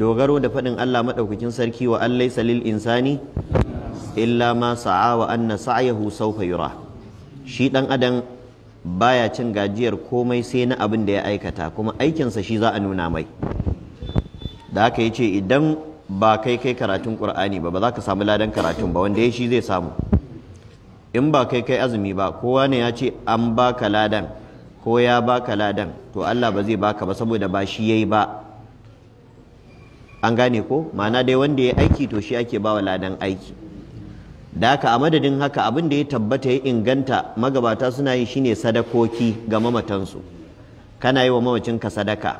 dogaro da faɗin Allah maɗaukakin sarki wa an laysa lil insani illa ma sa'a wa anna sa'yahu sawfa yura shi ɗan adam baya cin gajiyar komai sai na abin da ya aikata kuma aikinsa shi za a nuna mai da haka yace idan ba kai kai karatun Qur'ani ba ba za ka samu ladan karatun ba wanda ya shi zai samu in ba kai kai azumi ba kowa ne ya ce an baka ladan ko ya baka ladan to Allah ba zai baka ba saboda ba shi yayi ba an gane ko ma'ana dai wanda ya aiki to shi ake bawa ladan aiki da haka a madadin haka abin da ya tabbata ya inganta magabata suna yi shine sadakoki ga mamatansu kana yi wa mamacinka sadaka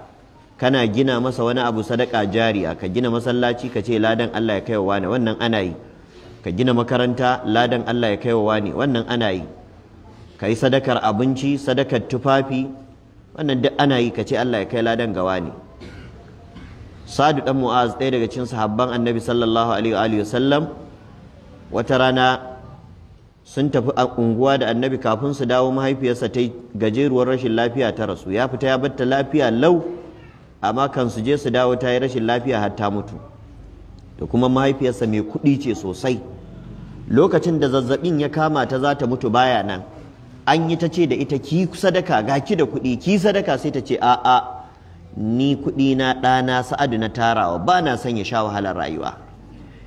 kana gina masa wani abu sadaka jariya ka gina masallaci ka ce ladan Allah ya kaiwa wani wannan ana yi ka gina makaranta ladan Allah ya kaiwa wani wannan ana yi ka yi sadakar abinci sadakar tufafi wannan duk ana yi ka ce Allah ya kai ladan gawa ne. sadu dan mu'az ɗaya daga cikin sahabban annabi sallallahu alaihi wa sallam wata rana sun tafi a unguwa da annabi kafin su dawo mahaifiyarsa ta gajeruwar rashin lafiya ta rasu ya fita ya batta lafiya lau amma kan su je su dawo ta yi rashin lafiya har ta mutu da kuma mahaifiyarsa mai kuɗi ce sosai lokacin da zazzabin ya kama ta za ta mutu baya nan an yi ta ce da ita ki sadaka ga ki da kuɗi ki sadaka sai ta ce a'a ni kuɗi na ɗana sa'adu na tarawa ba na son ya sha wahalar rayuwa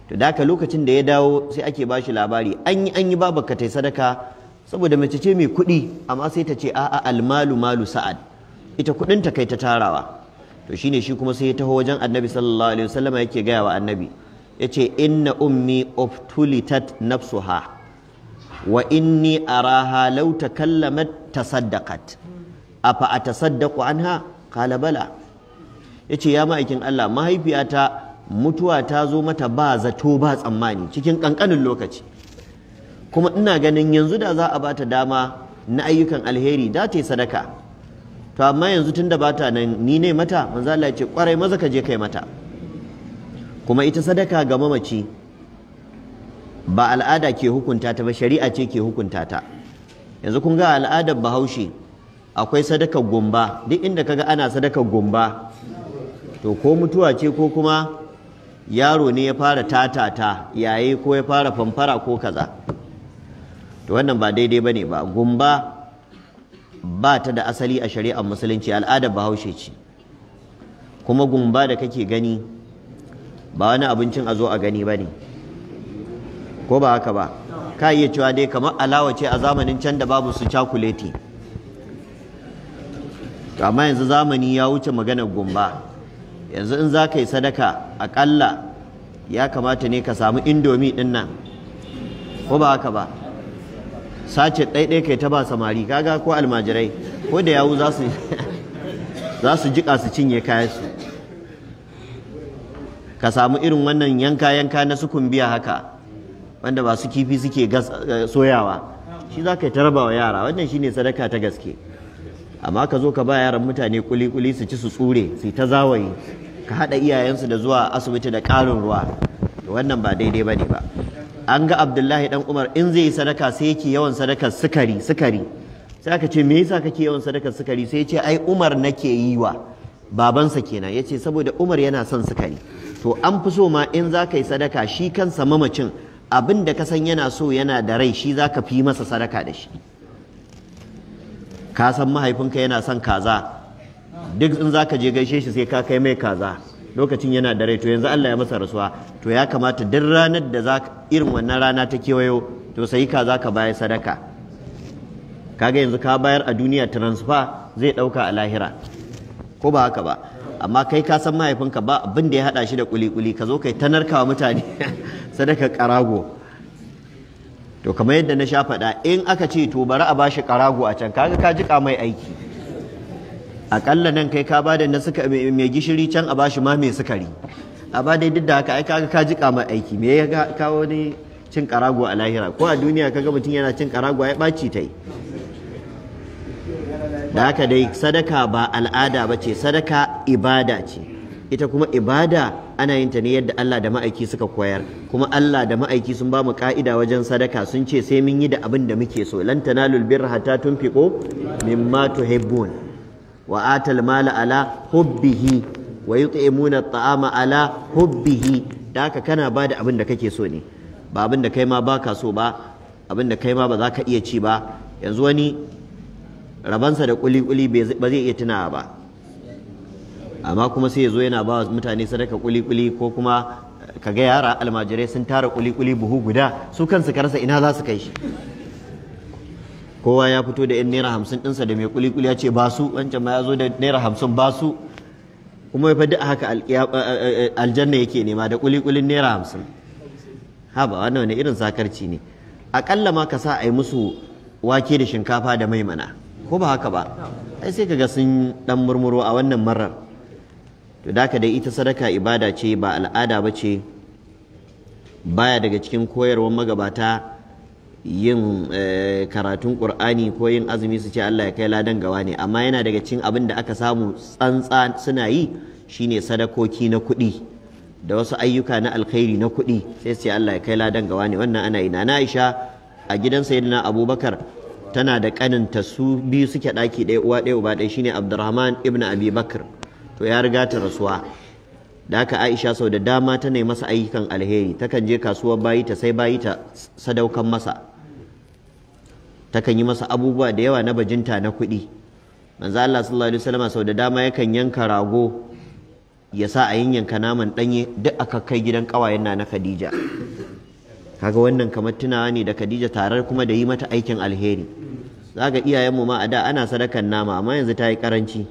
to da haka lokacin da ya dawo sai ake bashi labari an yi an yi ka tai sadaka saboda mace ce mai kuɗi amma sai ta ce a'a almalu malu sa'ad ita kuɗin ta kai ta tarawa to shine shi kuma sai ya taho wajen annabi sallallahu alaihi wasallama yake gaya wa annabi yace inna ummi uftulitat nafsuha wa inni araha law takallamat tasaddaqat afa atasaddaqu anha kala bala ce ya ma'aikin Allah mahaifiyata mutuwa ta zo mata ba zato ba tsammani cikin kankanin lokaci kuma ina ganin yanzu da za a bata dama na ayyukan alheri da ta yi sadaka to amma yanzu tun tunda bata nan ni ne mata manzo ya ce kwarai maza ka je kai mata kuma ita sadaka ga mamaci ba al'ada ke hukunta ta ba shari'a ce ke hukunta ta yanzu kun ga al'adar bahaushe akwai sadakar gumba duk inda kaga ana sadakar gumba to ko mutuwa ce ko kuma yaro ne ya fara tatata yaye ko ya fara famfara ko kaza to wannan ba daidai bane ba gumba ba ta da asali a shari'ar musulunci al'adar bahaushe ce kuma gumba da kake gani ba wani abincin a zo a gani ba ne ko ba haka ba ka iya cewa dai kamar alawa ce a zamanin can da babu su cakuleti kama amma yanzu zamani ya wuce maganar gumba yanzu in za ka yi sadaka akalla ya kamata ne ka samu indomi ɗin nan ko ba haka ba sace ɗaiɗai kai ta ba samari kaga ko almajirai ko da yawu za su jiƙa su cinye kayansu ka samu irin wannan yanka-yanka na su kumbiya haka wanda ba su kifi suke eh, soyawa shi za ka yi tarbawa yara wannan shine sadaka ta gaske amma ka zo ka ba yaran mutane kuli-kuli su ci su tsure su ta zawayi ka haɗa iyayensu da zuwa asibiti da ƙarin ruwa wannan ba daidai ba ne ba an ga abdullahi dan umar in zai yi sadaka sai yake yawan sadakar sukari sukari sai aka ce me yasa kake yawan sadakar sukari sai ce ai umar nake yi wa babansa kenan ya ce saboda umar yana son sukari to an fi so ma in za ka yi sadaka shi kansa mamacin abin da ka san yana so yana da rai shi za ka fi masa sadaka da shi ka san mahaifinka yana son kaza duk in zaka je gaishe shi sai ka kai mai kaza lokacin yana da rai to yanzu Allah ya masa rasuwa to ya kamata duk ranar da za irin wannan rana ta kewayo to sai kaza ka bayar sadaka kaga yanzu ka bayar a duniya transfer zai dauka a lahira ko ba haka ba amma kai ka san mahaifinka ba abin da ya hada shi da kuli kuli ka zo kai tanarkawa wa mutane sadaka karago to kamar yadda na sha faɗa in aka ce to bari a bashi karago a can kaga ka jika mai aiki akalla nan kai ka bada na suka mai gishiri can a bashi ma mai sukari a ba dai duk da haka ai kaga ka jika mai aiki me ya kawo ne cin karago a lahira ko a duniya kaga mutum yana cin karago ya baci ta yi da haka dai sadaka ba al'ada ba ce sadaka ibada ce ita kuma ibada ana yin ta ne yadda Allah da ma'aiki suka koyar kuma Allah da ma'aiki sun ba mu ka'ida wajen sadaka sun ce sai mun yi da abin da muke so lan tanalul birra hatta tunfiqo mimma tuhibbun wa atal mala ala hubbihi wa yut'imuna at'ama ala hubbihi da haka kana ba da abin da kake so ne ba abin da kai ma baka so ba abin da kai ma ba za ka iya ci ba yanzu wani rabansa da kuli-kuli ba zai iya tunawa ba amma kuma sai ya zo yana ba mutane sadaka kuli-kuli ko kuma eh, ka ga yara almajirai sun tara kuli-kuli buhu guda su kansu karsa ina za su kai shi kowa ya fito da 'yan naira hamsin ɗinsa da mai kuli-kuli ya ce ba su wancan ma ya zo da naira hamsin ba su kuma ya fadi a haka eh, eh, aljanna yake nema da kuli-kulin naira hamsin ha ba wannan wani irin sakarci ne aƙalla ma ka sa a yi musu wake da shinkafa da mai mana ko ba haka ba ai sai ga sun dan murmuro a wannan marar to da ka dai ita sadaka ibada ce ba al'ada ba ce baya daga cikin koyarwar magabata yin eh, karatun ƙur'ani ko yin azumi su ce Allah ya kai ladan gawa ne amma yana daga cikin abin da aka samu tsantsa suna yi shine sadakoki na kuɗi da wasu ayyuka na alkhairi na kuɗi sai sai Allah ya kai ladan gawa ne wannan ana ina na Aisha a gidan sayyidina Abubakar tana da kaninta su biyu suke ɗaki ɗaya uwa ɗaya uba ɗaya shine Abdurrahman ibn Abi Bakr to ya riga ta rasuwa da aka Aisha sau da dama ta nemi masa ayyukan alheri takan je kasuwar bayi ta sai bayi ta sadaukan masa takan yi masa abubuwa da yawa na bajinta na kuɗi manzo Allah sallallahu alaihi wasallam sau da dama yakan yanka rago ya sa a yanka naman ɗanye duk aka kai gidan ƙawayen na na Khadija kaga wannan kamar tunawa ne da Khadija tarar kuma da yi mata aikin alheri zaga iyayenmu ma a da ana sadakan nama amma yanzu ta yi karanci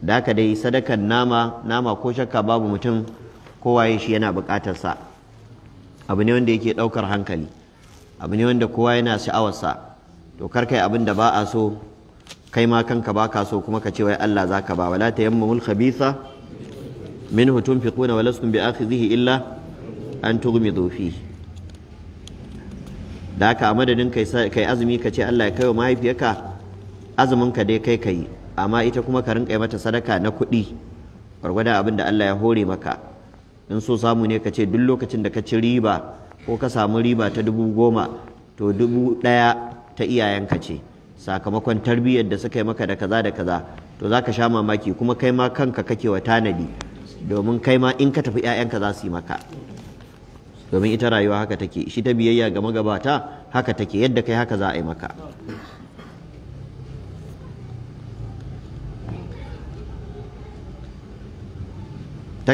da aka dai sadakan nama nama ko shakka babu mutum kowa ya shi yana buƙatar abu ne wanda yake ɗaukar hankali abu ne wanda kowa yana sha'awarsa to kar kai abin da ba a so kai ma kanka ba ka so kuma ka ce wai Allah za ka ba wala ta tayammamul khabitha minhu tunfiquna wa lastum bi'akhidhihi illa an tughmidu fi da ka, a madadin kai azumi ka ce Allah ya kai wa mahaifiyarka azumin ka dai kai ka amma ita kuma ka rinka mata sadaka na kuɗi gwargwadon abin da Allah ya hore maka in so samu ne ka ce duk lokacin da ka ci riba ko ka samu riba ta dubu goma to dubu ɗaya ta iyayenka ce sakamakon tarbiyyar da suka yi maka da kaza da kaza to za ka sha mamaki kuma kai ma kanka kake wa tanadi domin kai ma in ka tafi ka za su yi maka domin ita rayuwa haka take shi ta biyayya ga magabata haka take yadda kai haka za a yi maka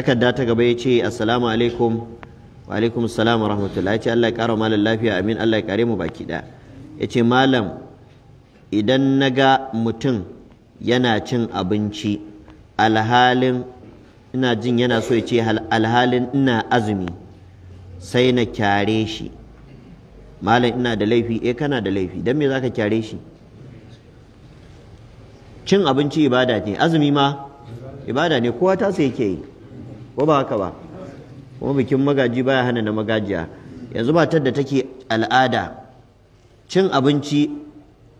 takarda ta gaba ya ce assalamu alaikum wa alaikum assalam wa ya ce Allah ya ƙara malam lafiya amin Allah ya ƙare mu baki ɗaya. ya ce malam idan na ga mutum yana cin abinci alhalin ina jin yana so ya ce alhalin ina azumi sai na kyare shi malam ina da laifi eh kana da laifi dan me zaka kyare shi cin abinci ibada ne azumi ma ibada ne kowa ta sai yake yi ko ba haka ba kuma bikin magaji baya hana na magajiya yanzu matar da take al'ada cin abinci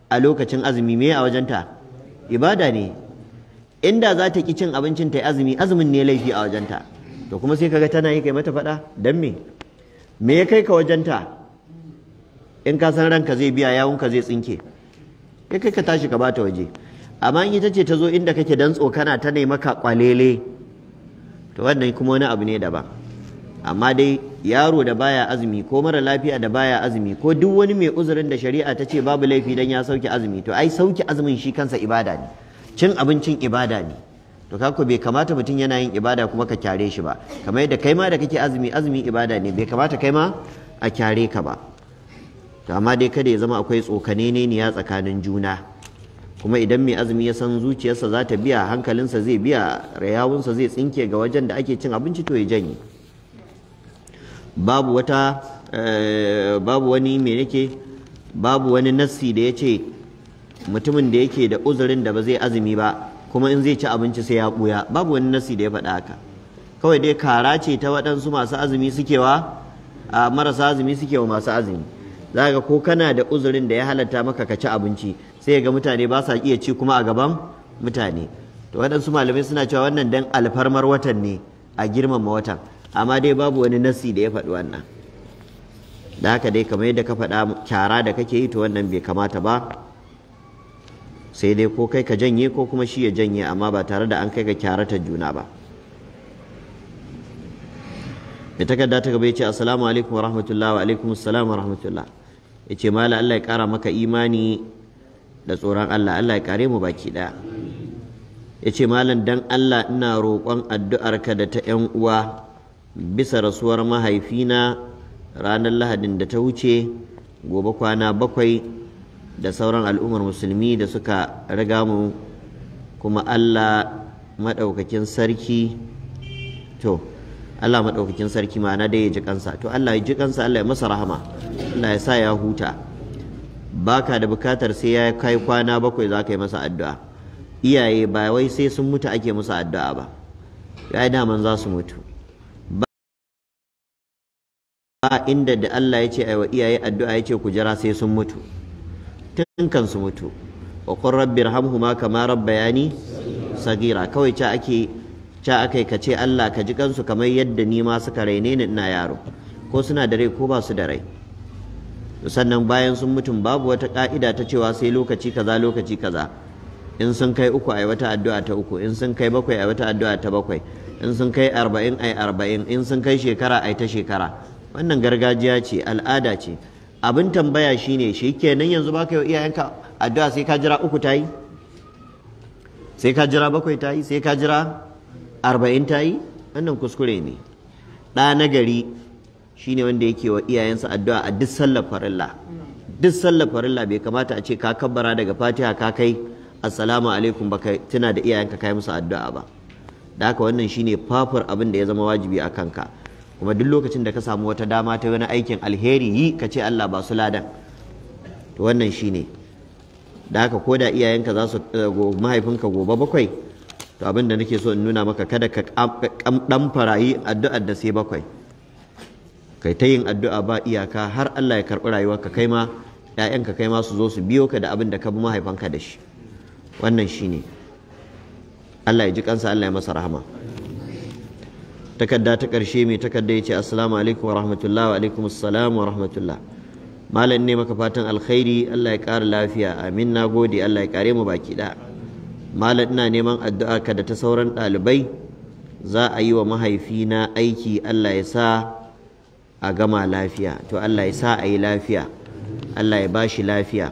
a lokacin azumi me a wajenta ibada ne inda za ta ki cin abincin ta azumi azumin ne laifi a wajenta to kuma sai kaga tana yi kai mata faɗa dan me me ya kai ka wajenta in ka san ranka zai biya ka zai tsinke kai kai ka tashi ka bata waje amma in ita ce ta zo inda kake dan tsokana ta nemi ka kwalele to wannan kuma wani abu ne daban amma dai yaro da baya azumi ko mara lafiya da baya azumi ko duk wani mai uzurin da shari'a ta ce babu laifi dan ya sauke azumi to ai sauke azumin shi kansa ibada ne cin abincin ibada ne to bai kamata mutum yana yin ibada kuma ka kyare shi ba kamar yadda kai ma da kake azumi azumi ibada ne bai kamata kai ma a kyare ka ba to amma dai kada ya zama akwai tsokane ne ya tsakanin juna kuma idan mai azumi ya san zuciyarsa za ta biya hankalinsa zai biya rayawunsa zai tsinke ga wajen da ake cin abinci to ya janye babu wata eh, babu wani mai yake babu wani nassi da ya ce mutumin da yake da uzurin da ba zai azumi ba kuma in zai ci abinci sai ya buya babu wani nassi da ya faɗa haka kawai dai kara ce ta waɗansu masu azumi sukewa a marasa azumi wa masu azumi za ka ko kana da uzurin da ya halatta maka ka ci abinci sai ga mutane ba sa iya ci kuma a gaban mutane to waɗansu malamai suna cewa wannan dan alfarmar watan ne a girmama watan amma dai babu wani nasi da ya faɗi wannan da haka dai kamar yadda ka faɗa kyara da kake yi to wannan bai kamata ba sai dai ko kai ka janye ko kuma shi ya janye amma ba tare da an kai ga ta juna ba mai takarda ta gaba ya ce assalamu alaikum wa rahmatullah wa alaikum wa rahmatullah ya ce mala Allah ya kara maka imani da tsoron Allah Allah ya kare mu baki daya yace malam dan Allah ina roƙon addu'arka da ta ƴan uwa bisa rasuwar mahaifina ranar Lahadin da ta wuce gobe kwana bakwai da sauran al'ummar musulmi da suka riga mu kuma Allah maɗaukakin sarki to Allah maɗaukakin sarki ma'ana dai ya ji kansa to Allah ya ji kansa Allah ya masa rahama Allah ya sa ya huta baka da bukatar sai ya kai kwana bakwai za ka yi masa addu'a iyaye ba wai sai sun mutu ake musu addu'a ba ya yi daman za su mutu ba inda da Allah ya ce aiwa iyaye addu'a ya ce ku jira sai sun mutu tun kan su mutu wa kun rabbi ma kama rabbayani sagira kawai ca ake ca akai ka ce Allah ka ji kansu kamar yadda ni ma suka raine na yaro ko suna da rai ko ba su da rai sannan bayan sun mutum babu wata ka'ida ta cewa sai lokaci kaza lokaci kaza in sun kai uku ai wata addu'a ta uku in sun kai bakwai ai wata addu'a ta bakwai in sun kai arba'in ai arba'in in sun kai shekara ai ta shekara wannan gargajiya ce al'ada ce abin tambaya shine shikenan yanzu baka yi iyayenka addu'a sai ka jira uku ta yi sai ka jira bakwai ta yi sai ka jira arba'in ta yi wannan kuskure ne ɗa na gari shine wanda yake wa iyayensa addu'a a duk sallar farilla duk sallar farilla bai kamata a ce ka kabbara daga fatiha ka kai assalamu alaikum baka tuna da iyayenka kai musu addu'a ba da haka wannan shine fafur abin da ya zama wajibi a kanka kuma duk lokacin da ka samu wata dama ta wani aikin alheri yi ka ce Allah ba su ladan wannan shine da haka ko da iyayenka za su eh, mahaifinka gobe bakwai to abin da nake so in nuna maka kada ka ɗan farayi addu'ar da sai bakwai kai ta yin addu'a ba iyaka har Allah ya karɓi rayuwarka kai ma ‘ya'yanka kai ma su zo su biyo ka da abin da ka bi mahaifanka da shi wannan shi ne Allah ya ji kansa Allah ya masa rahama takarda ta ƙarshe mai takarda ya ce assalamu alaikum wa rahmatullah wa alaikum assalam wa rahmatullah malam ne maka fatan alkhairi Allah ya ƙara lafiya amin na gode Allah ya ƙare mu baki ɗaya malam ina neman addu'a ka da ta sauran ɗalibai za a yi wa mahaifina aiki Allah ya sa a gama lafiya to Allah ya sa a yi lafiya Allah ya ba shi lafiya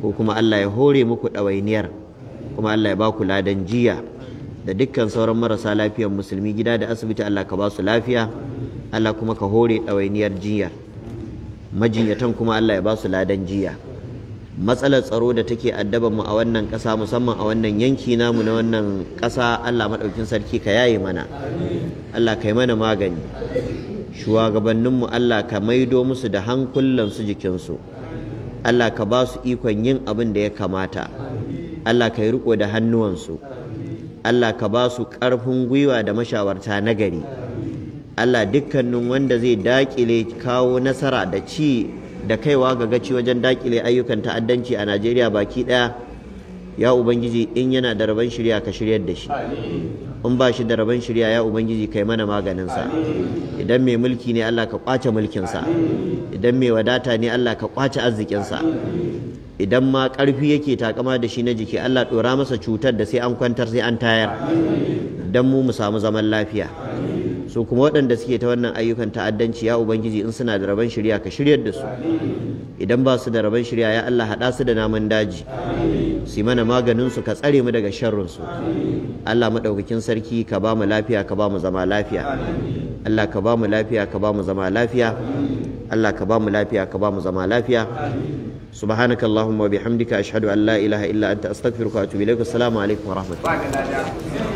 ko kuma Allah ya hore muku ɗawainiyar kuma Allah ya ba ku ladan jiya da dukkan sauran marasa lafiyar musulmi gida da asibiti Allah ka ba su lafiya Allah kuma ka hore ɗawainiyar jiya majinyatan kuma Allah ya ba su ladan jiya matsalar tsaro da take addaban mu a wannan ƙasa musamman a wannan yanki namu na wannan ƙasa Allah maɗaukin sarki ka yaye mana Allah ka yi mana magani shugabanninmu Allah ka maido musu da hankulansu jikinsu Allah ka ba su ikon yin abin da ya kamata Allah ka yi riko da hannuwansu Allah ka ba su ƙarfin gwiwa da mashawarta nagari. Allah dukkanin wanda zai dakile kawo nasara da ci da kaiwa ga gaci wajen dakile ayyukan ta'addanci a Najeriya baki ɗaya ya ubangiji in yana da rabon shirya ka shiryar da shi in ba shi da rabon shirya ya ubangiji kai mana maganin sa idan mai mulki ne Allah ka kwace mulkinsa idan mai wadata ne Allah ka kwace arzikinsa idan ma karfi yake takama da shi na jiki Allah ɗora masa cutar da sai an kwantar sai an tayar don mu mu samu zaman lafiya su kuma waɗanda suke ta wannan ayyukan ta'addanci ya ubangiji in suna da rabon shirya ka shiryar da su idan ba su da rabon shirya ya Allah haɗa su da namun daji su mana maganin su ka tsare mu daga sharrin su Allah madaukakin sarki ka ba mu lafiya ka ba mu zama lafiya Allah ka ba mu lafiya ka ba mu zama lafiya Allah ka ba mu lafiya ka ba mu zama lafiya سبحانك اللهم وبحمدك أشهد أن لا إله إلا أنت أستغفرك وأتوب إليك والسلام عليكم ورحمة الله